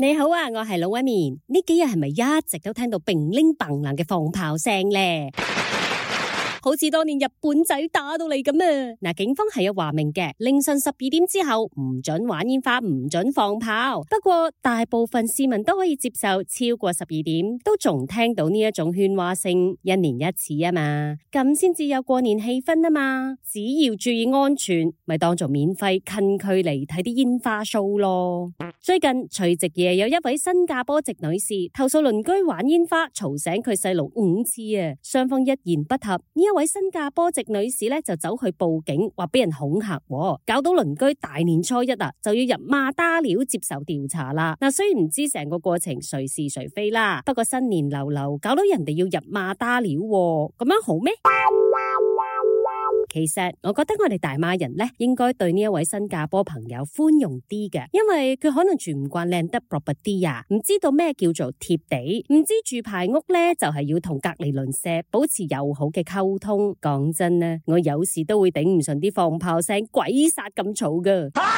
你好啊，我係老紋敏。呢幾日係咪一直都聽到乒鈴嘭唥嘅放炮聲呢？好似當年日本仔打到嚟咁啊！嗱，警方係有話明嘅，凌晨十二點之後唔准玩煙花，唔准放炮。不過大部分市民都可以接受，超過十二點都仲聽到呢一種喧嘩聲，一年一次啊嘛，咁先至有過年氣氛啊嘛。只要注意安全，咪當做免費近距離睇啲煙花 show 咯。最近除夕夜有一位新加坡籍女士投訴鄰居玩煙花吵醒佢細路五次啊，雙方一言不合，呢一位新加坡籍女士咧就走去報警，話俾人恐吓，搞到鄰居大年初一啊就要入馬打寮接受調查啦。嗱，雖然唔知成個過程誰是誰非啦，不過新年流流搞到人哋要入馬打寮，咁樣好咩？其實我覺得我哋大馬人咧，應該對呢一位新加坡朋友寬容啲嘅，因為佢可能住唔慣 landed property 啲呀，唔知道咩叫做貼地，唔知住排屋咧就係、是、要同隔籬鄰舍保持友好嘅溝通。講真咧，我有時都會頂唔順啲放炮聲鬼殺咁嘈噶。啊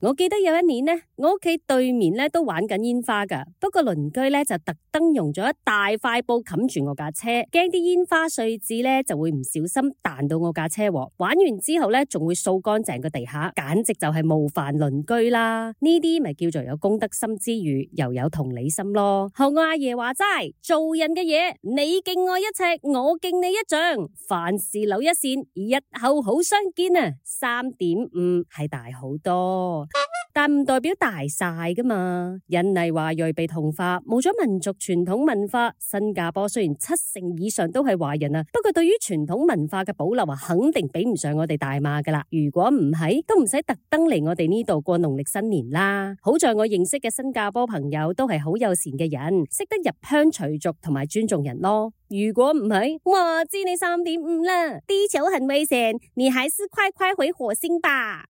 我記得有一年呢，我屋企對面呢都玩緊煙花噶不過鄰居呢就特登用咗一大塊布冚住我架車，驚啲煙花碎紙呢就會唔小心彈到我架車。玩完之後呢，仲會掃乾淨個地下，簡直就係模範鄰居啦。呢啲咪叫做有公德心之餘，又有同理心咯。後我阿爺話齋，做人嘅嘢，你敬我一尺，我敬你一丈，凡事留一線，日後好相見啊。三點五係大好多。但唔代表大晒噶嘛。印尼華裔被同化，冇咗民族傳統文化。新加坡雖然七成以上都係華人啦，啊，不過對於傳統文化嘅保留啊，肯定比唔上我哋大馬噶啦。如果唔係，都唔使特登嚟我哋呢度過農曆新年啦。好在我認識嘅新加坡朋友都係好友善嘅人，識得入鄉隨俗同埋尊重人咯。如果唔係，我知道你三點五啦，地球很危險，你還是快快回火星吧。